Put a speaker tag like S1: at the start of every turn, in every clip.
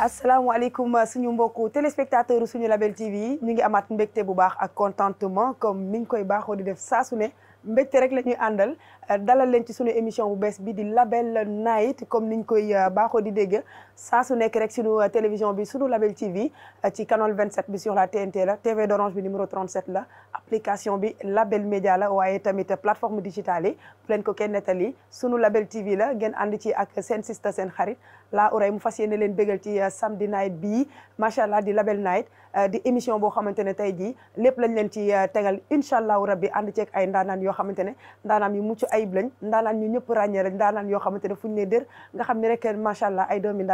S1: asalaamaaleykum euh, suñu mbokku téléspectateur suñu Label TV ñu ngi amaat mbégte bu baax ak contentement comme niñ koy baaxoo di def saa su ne mbégte rek la ñuy àndal dalal leen ci suñu émission bu bees bi di Label Night comme niñ koy euh, baaxoo di dégg saa su nekk rek suñu euh, télévision bi sunu Label TV euh, ci canal 27 bi sur la TNT la TV d'Orange bi numéro 37 la application bi Label Média waaye tamit plateforme digitale yi bu leen ko kenn nettali sunu Label TV la ngeen ànd ci ak seen sista seen xarit la uray mu fas yéene leen bégal ci samedi night bii macha allah di Label Night di émission boo xamante ne tey jii lépp lañ leen ci tegal incha allahu rabbi ànd ceeg ay ndaanaan yoo xamante ne ndaanaan yu mucc ayib lañ ndaanaan ñu ñëpp ràññee lañ ndaanaan yoo ñu ne dër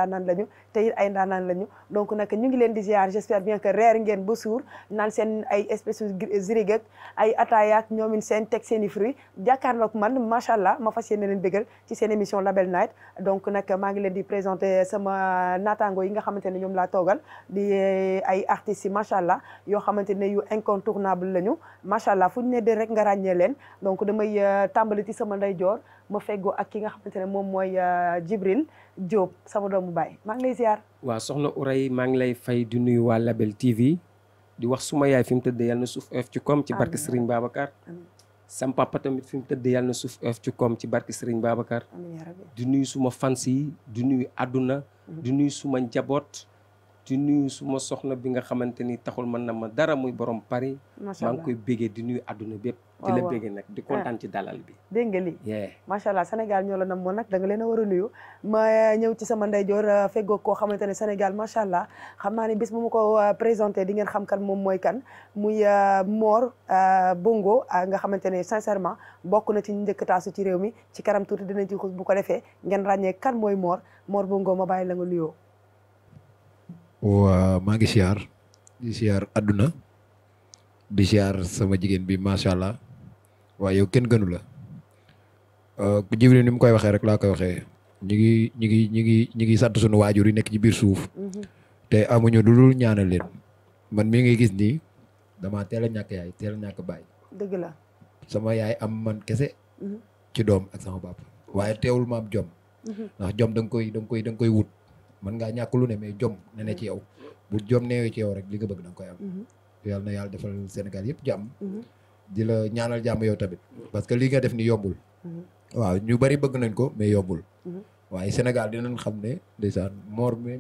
S1: lañu te it lañu donc nag ñu ngi leen di ziar j'espère bien que reer ngeen ba suur naan seen ay espèce zirig ay ataaya ñoomin seen teg seen i fruit jàkkaarloog man macha allah ma fas yéene leen bégal ci seen émission Label Night donc nag maa ngi leen di présenter sama naataango yi nga xamante ne ñoom laa toogal di eh, ay artistes yi macha allah yoo xamante ne yu incontournable lañu macha donc damay euh, tàmbali ci sama ndeyjoor ma feggoo ak ki nga xamante ne moom mooy Djibril euh, Diop sama doomu baay maa ngi lay ziar.
S2: waaw soxna Ouray maa ngi lay fay di nuyu waa Label TV di wax suma yaay fi mu tëdd yàlla na suuf oyof ci koom ci barke Serigne Babacar. sam papa tamit fi mu tëdd yàlla na suuf oyof ci koom ci barke Serigne Babacar. di nuyu suma fans yi di nuyu àdduna. di nuyu suma njaboot. di nuyu suma soxna bi nga xamante ni taxul mën na ma dara muy borom Paris maa ngi koy béggee di nuy àdduna bépp di la béggee nag di ci dalal bi eh,
S1: dégg nga lii macha allah Sénégal ñoo la nam moon nag da leen a war a nuyu ma eh, ñëw ci sama ndeyjoor eh, feggoog koo xamante ne Sénégal macha allah xam naa ne bis bu ma ko présenté di ngeen xam kan moom mooy kan muy Mor Bongo nga xamante ne sincèrement bokk na ci njëkk taasu ci réew mi ci kanam tuuti dinañ ci bu ko defee ngeen ràññee kan mooy moor Mor Bongo ma bàyyi la nga nuyoo
S3: waa maa ngi siyaar di siyaar àdduna di siyaar sama jigéen bi macha allah waaye yow kenn gënu la ku euh, jibril ni mu koy waxee rek laa koy waxee ñu ngi ñu ngi ñu ngi sant sunu waajur yi nekk ci biir suuf. Mhm. te amuñu lu dul ñaanal leen man mi ngi gis ni dama teel a ñàkk yaay teel a baay. dëgg sama yaay am man kese. Mhm. ci doom ak sama bapp waaye teewul ma am jom. Mhm. ndax jom da nga koy da nga koy wut. mën ngaa ñàkk lu ne mais jom ne ci yaw bu jom neewee ci yow rek li nga bëgg da nga koy am mhm. yàlla na yàlla defal Sénégal yëpp jàmm mhm. di la ñaanal jàmm yow tamit parce que li nga def ni yombul mhm. waaw ñu bari bëgg nañ ko mais yombul waaye Sénégal dinañ xam ne ndeysaan moor mi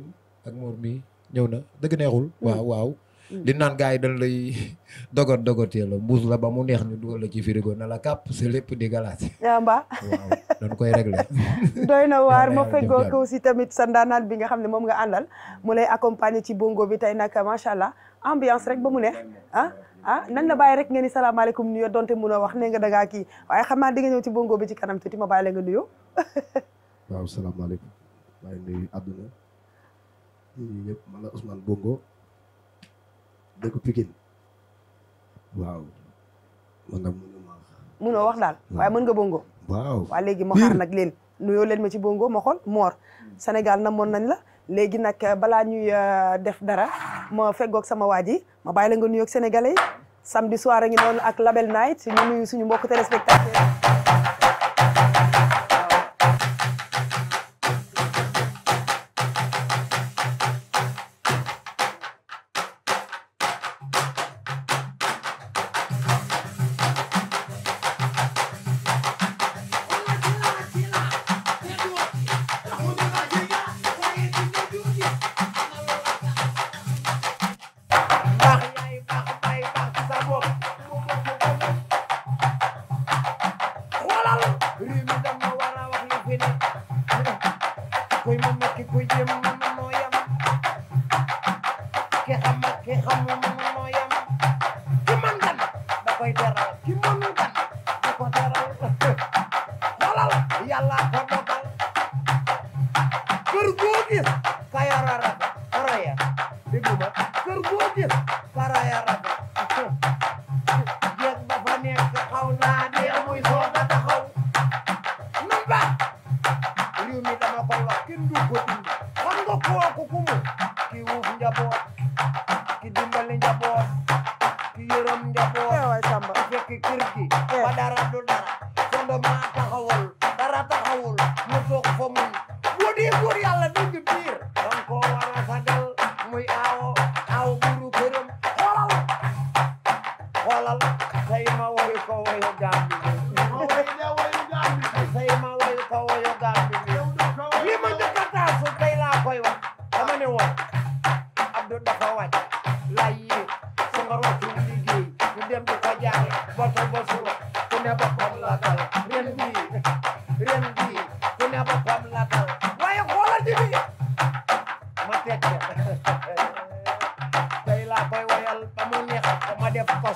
S3: ak moor mi ñëw na dëgg neexul waaw waaw li naan gaa yi dañ lay dogot dogotee la mbuus la ba mu neex ñu dugal la ci frigo na la kàpp c'est lépp di galaas.
S1: yamba waaw dañ koy réglé. doy na waar ma feggoog aussi tamit sa ndaanaan bi nga xam ne moom nga àndal mu lay accompagner ci bongo bi tey nag macha allah ambiance rek ba mu neex ah. ah na la bàyyi rek ngeen ni salaamaaleykum nuyoo donte wax ne nga da ngaa kii di nga ci bongo bi ci kanam tuuti ma bàyyi la nga nuyoo. waaw
S3: salaamaaleykum nuyu àdduna ñëpp man Bongo. dëkk Pikine wax
S1: daal waaye mën nga bongo waaw léegi ma xaar nag leen nuyoo leen ma ci bongo ma xool moor Sénégal na moon nañ la léegi nag eh, balaa ñuy eh, def dara ma feggoog sama waa ji ma bàyyi la nga nuyoog sénégalais samedi soir a noonu ak Label Night suñu mbokk téléspectateur ki xam ak ki xamul noo ki mën gan da koy teral ki mënul gan da ko teral dalal yàlla ko ka yara rafet raya dégg ma kër goo gis ka raya rafet jeeg fa nekk xaw
S3: naa dee muy sooga taxaw nan ba réew mi dama ko wax kenn du ko dund xam ku mu ki wuuf njaboot ma wayu ko wayu gambi say ma wayu ko wayu gambi li ma njëkk a taasu tey laa koy wax dama ne woon Abdou dafa wàcc lay yi su nga rootu liggéey ñu dem di ko jaay boto ba suba ku ne boppam lakkal ren bii ren bii ku ne boppam lakkal waaye xoolal di bi ma teg tey laa koy wayal ba mu neex ma def ko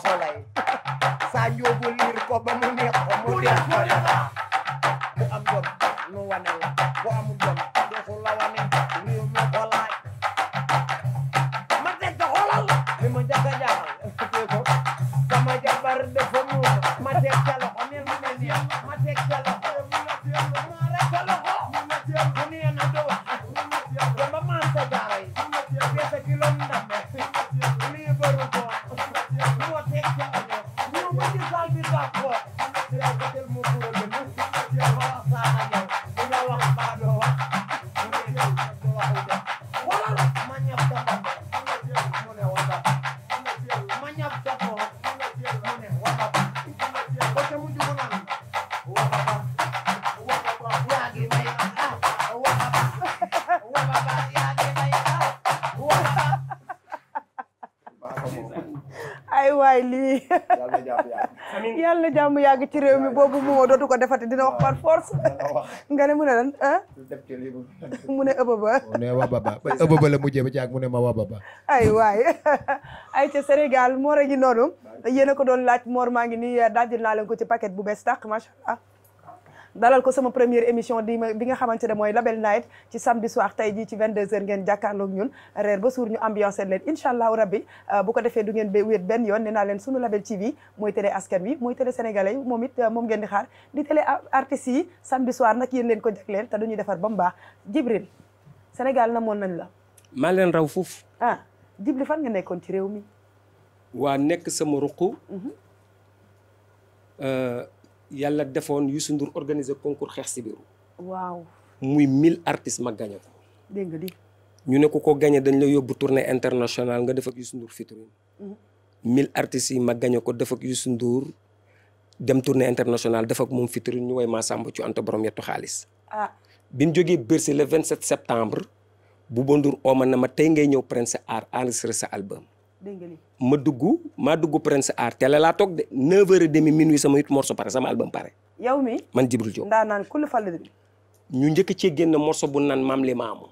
S3: Gracias.
S1: waay lii yàlla na jàmm yàgg ci réew mi boobu mu dootu ko defar defati dina wax par force nga ne mu ne lan ah mu ne ëbaba
S3: mu ne wababa ëbaba la mujjee ba caag mu ne ma wababa
S1: ay waay ay ca Sénégal moor a ngi noonu yéen a ko doon laaj moor maa ngi nii daal di naa leen ko ci paquet bu bees tàq macha dalal ko sama première émission di ma bi nga xamante ne mooy Label Night ci samedi soir tey ji ci 22h ngeen jàkkaarloog ñun reer ba suur ñu ambiancé leen incha allahu rabbi euh, bu ko defee du ngeen ba wéet benn yoon nee naa leen sunu Label TV mooy télé askan wi mooy télé sénégalais moom it euh, moom ngeen di xaar di télé artistes yi samedi soir nag yéen leen ko jagleel te duñuy defar ba mu baax Jibril Sénégal na moon nañ la
S2: maa leen raw foofu
S1: a ah, Jibril fan nga nekkoon ci réew mi
S2: waa nekk sama ruq mhm. euh, yàlla defoon Youssou Ndour organiser concours xeex si biiru waaw muy mille artistes ma gagné ko. ñu ne ko ko gagné dañ la yóbbu tournée internationale nga def ak Youssou Ndour featuring. Mm-hmm. mille artistes yi ma gagné ko def ak Youssou Ndour dem tournée internationale def ak moom featuring ñu woy Massamba ci anta borom yettu xaalis. ah bi ñu jógee Bercy le 27 septembre. bu Ndour oo ma na ma tey ngay ñëw Prince Art enregistré sa album. ma dugg maa dugg Prince Art télé laa toog de 9h30 minuit sama it morceau pare sama album pare. yow mi man Djibril Diop
S1: ndaa naan kulli fàll
S2: ñu njëkk cee génn morso bu naan maam li maamu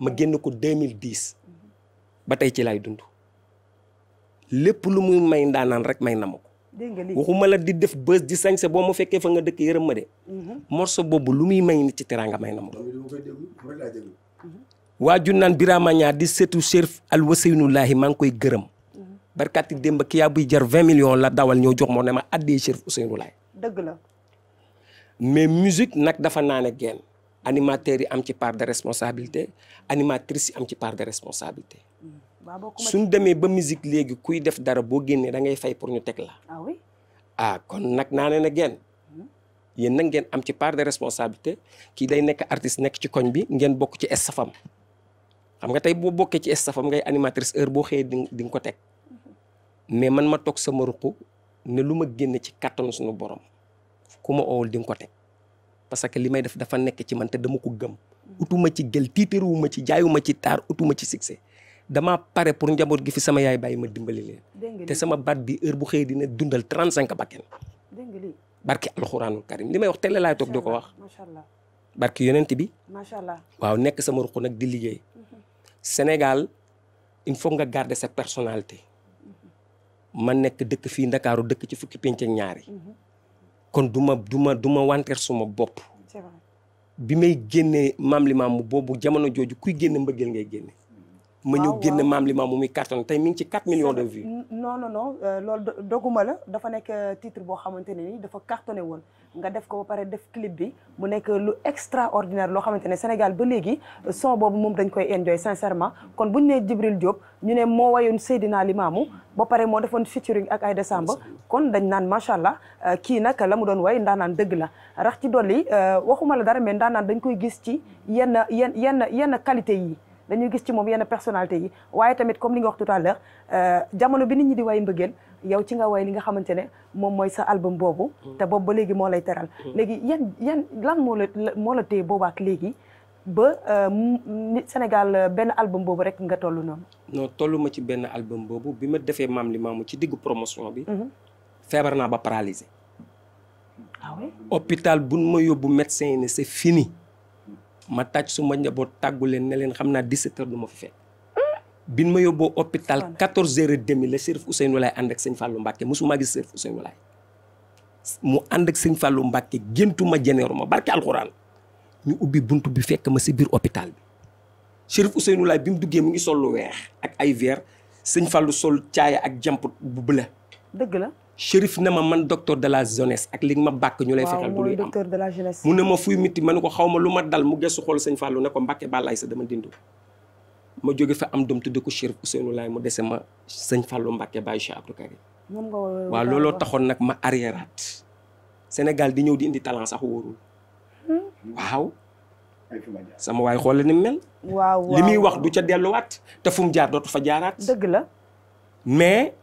S2: ma génn ko 2010 ba tey ci laay dund lépp lu muy may ndaanaan rek may na ma ko. waxuma la di def bës di sañse boo mu fekkee fa nga dëkk yërëm ma de. Mhm. morceau boobu lu muy may nit ci teraanga may na ma ko. waa junnaan Birama Niang di seetu Chérif Alwaseynullahi maa ngi koy gërëm mm-hmm. barkaati démb ki yaa buy jar vingt million la dawal ñëw jox moo ne ma addee Chérif Ousseynoulaye dëgg la mais musique nag dafa naan ak genn animateurs yi am ci part de responsabilité animatrice yi am ci part de responsabilité
S1: mm. suñ
S2: demee ba musique léegi kuy def dara boo génnee da ngay fay pour ñu teg la ah, ah kon nag naane na genn mm-hmm. yéen nag ngeen am ci part de responsabilité kii day nekk artiste nekk ci koñ bi ngeen bokk ci estafam xam nga tey boo bokkee ci estafam ngay animatrice heure boo xëyee di di nga ko teg mais man ma toog sama ruq ne lu ma génn ci kattanu suñu borom ku ma oowul di nga ko teg parce que li may def dafa nekk ci man te dama ko gëm utuma ci gël tiitaruwuma ci jaayuma ci taar utuma ci succès damaa pare pour njaboot gi fi sama yaay bàyyi ma dimbali
S1: leen te sama
S2: baat bi heure bu xëyee dina dundal trente cinq bakken barki alxuraanul karim li may wax télé laay toog di ko wax barki yonent bi macha allah waaw nekk sama ruq nag di liggéey Sénégal il faut nga garder sa personalité man nekk dëkk fii Ndakaaru dëkk ci fukki penc ak ñaari kon duma duma duma ma wanteer suma bopp bi may génnee maam li maam mu boobu jamono jooju kuy génne mbëggeel ngay génne ma ñëw génn maam li maam mu muy carton tey mi ngi ci 4 millions de vues.
S1: non non non euh, loolu doguma la dafa nekk euh, titre boo xamante ne dafa cartonné woon nga def ko ba pare def clip bi mu nekk lu extraordinaire loo xamante ne Sénégal ba léegi euh, son boobu moom dañ koy enjoy sincèrement kon bu ñu nee Djibril Diop ñu ne moo wayoon Seydina Limamou ba pare moo defoon featuring ak ay Samba kon dañ naan macha allah kii nag la mu doon way ndaanaan dëgg la rax ci dolli waxuma la dara mais ndaanaan dañ koy gis ci yenn yenn yenn yenn qualité yi. dañuy gis ci moom yenn personalité yi waaye tamit comme li nga wax tout à l'heure euh, jamono bi nit ñi di way mbëggeel yow ci nga way li nga xamante ne moom mooy sa album boobu mm. te boobu ba léegi moo lay teral mm. léegi yan yan lan moo la téye boobaak léegi ba euh, Sénégal euh, benn album boobu rek nga toll noonu
S2: non tollu ma ci benn album boobu bi ma defee maam li maamu ci diggu promotion bi mm-hmm. feebar naa ba paralysé ah bu hôpital buñ ma yóbbu médecin yi ne c'est fini ma tàcc su ma njaboot tàggu leen ne leen xam naa 17 heures du ma bi fekk ma yóbboo hôpital 14 heures et demi la Serif Ousseynou Laye ànd ak sëñ Fallou Mbacke mosuma gis Serif Ousseynou Laye mu ànd ak sëñ Fallou Mbacke géntuma jeneeru ma barke alxuraan ñu ubbi bunt bi fekk ma si biir hôpital bi Serif Ousseynou Laye bi mu duggee mu ngi sol lu weex ak ay ver sëñ Fallou sol caaya ak jamput bu bëla dëgg shérif na ma man docteur de la jeunesse ak li ma bàkk ñu lay fexeel du luy am docteur
S1: de ma
S2: fuy mitti ma ne ko xaw ma lu ma dal mu gëstu xool sëñ Fallou ne ko Mbàkke bàllaay a dama ma jóge fa am doom tudde ko shérif Ousseynou Laye mu dese ma sëñ Fallou Mbàkke bàyyi Cheikh Abdou Karim
S1: waaw looloo taxoon
S2: nag ma arriéraat Sénégal di ñëw di indi talent sax wóorul hmm? waaw sama waay xoole ni mel
S1: waaw li muy wax
S2: du ca delluwaat te fu mu jaar dootu fa jaaraat dëgg la mais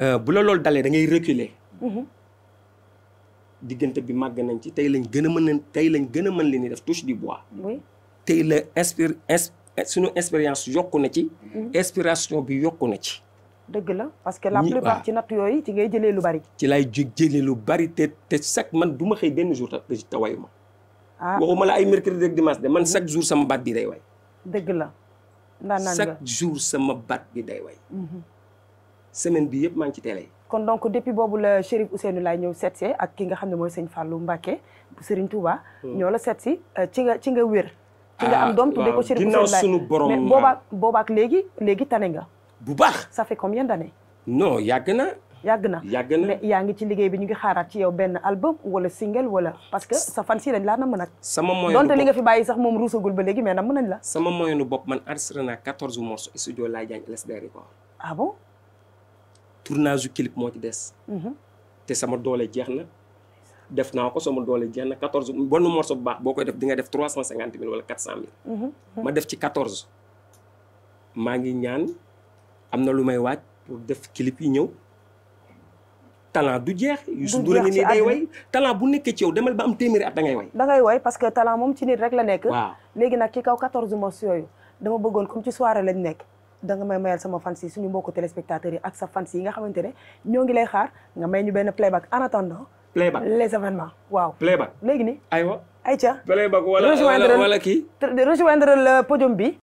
S2: Euh, bu la loolu dalee da ngay reculer. Mhm. diggante bi màgg nañ ci tey lañ gën a mën leen tey lañ gën a mën leen di def touche du bois. tey la inspir suñu expérience yokku na ci. Mhm. inspiration bi yokk na ci.
S1: dëgg la parce que la plupart ci natt yooyu ci ngay jëlee lu bari.
S2: ci bari te te chaque man du ma xëy benn jour tawayu ma.
S1: ah waxuma la ay mercredi
S2: ak dimanche de man mhm. chaque jour sama baat bi day way.
S1: dëgg la. ndaanaan chaque
S2: jour sama baat bi day way. semaine bi yëpp maa ngi ci télé yi.
S1: kon donc depuis boobu la Chérif Ousseynou laay ñëw seet see ak ki nga xam ne mooy sëñ Fallou Mbacké bu Serigne Touba. Hmm. ñoo la seet si euh, ci nga ci nga wér. ci nga am ah, doom tuddee ko Chérif Ousseynou laay sunu léegi léegi tane nga. bu baax ça fait combien d'années.
S2: non yàgg na.
S1: yàgg na na mais yaa ngi ci liggéey bi ñu ngi xaaraat ci yow benn album wala single wala parce que sa fan si laa namm nag. sama moyenne donte li fi bàyyi sax moom ruusagul ba léegi mais namm nañ la. sama
S2: moyenne bopp man enregistré naa 14 morceaux studio Laye Diagne LSD Record. ah tournage yu clip moo ci des. Mhm. te sama doole jeex na. def naa ko sama doole jeex na quatorze bonn morceau bu baax boo def di nga def trois cent cinquante mille wala quatre cent mille. Mhm. ma def ci quatorze. maa ngi ñaan am na lu may waaj pour def clip yi ñëw. talent du jeex. Youssou Ndour a ngi nii day way talent bu nekkee ci yow demal ba am téeméeri at da ngay way.
S1: da parce que talent moom ci nit rek la nekk. waaw léegi nag ci kaw 14 morceaux yooyu dama bëggoon comme ci soirée lañ nekk. danga may mayal sama fans yi suñu mbokku téléspectateurs yi ak sa fans yi nga xamante ne ñoo ngi lay xaar nga may ñu benn playback en attendant. playback les événements waaw. playback léegi nii aywa. ayca
S2: playback wala wala kii
S1: rejoindre le podium bi.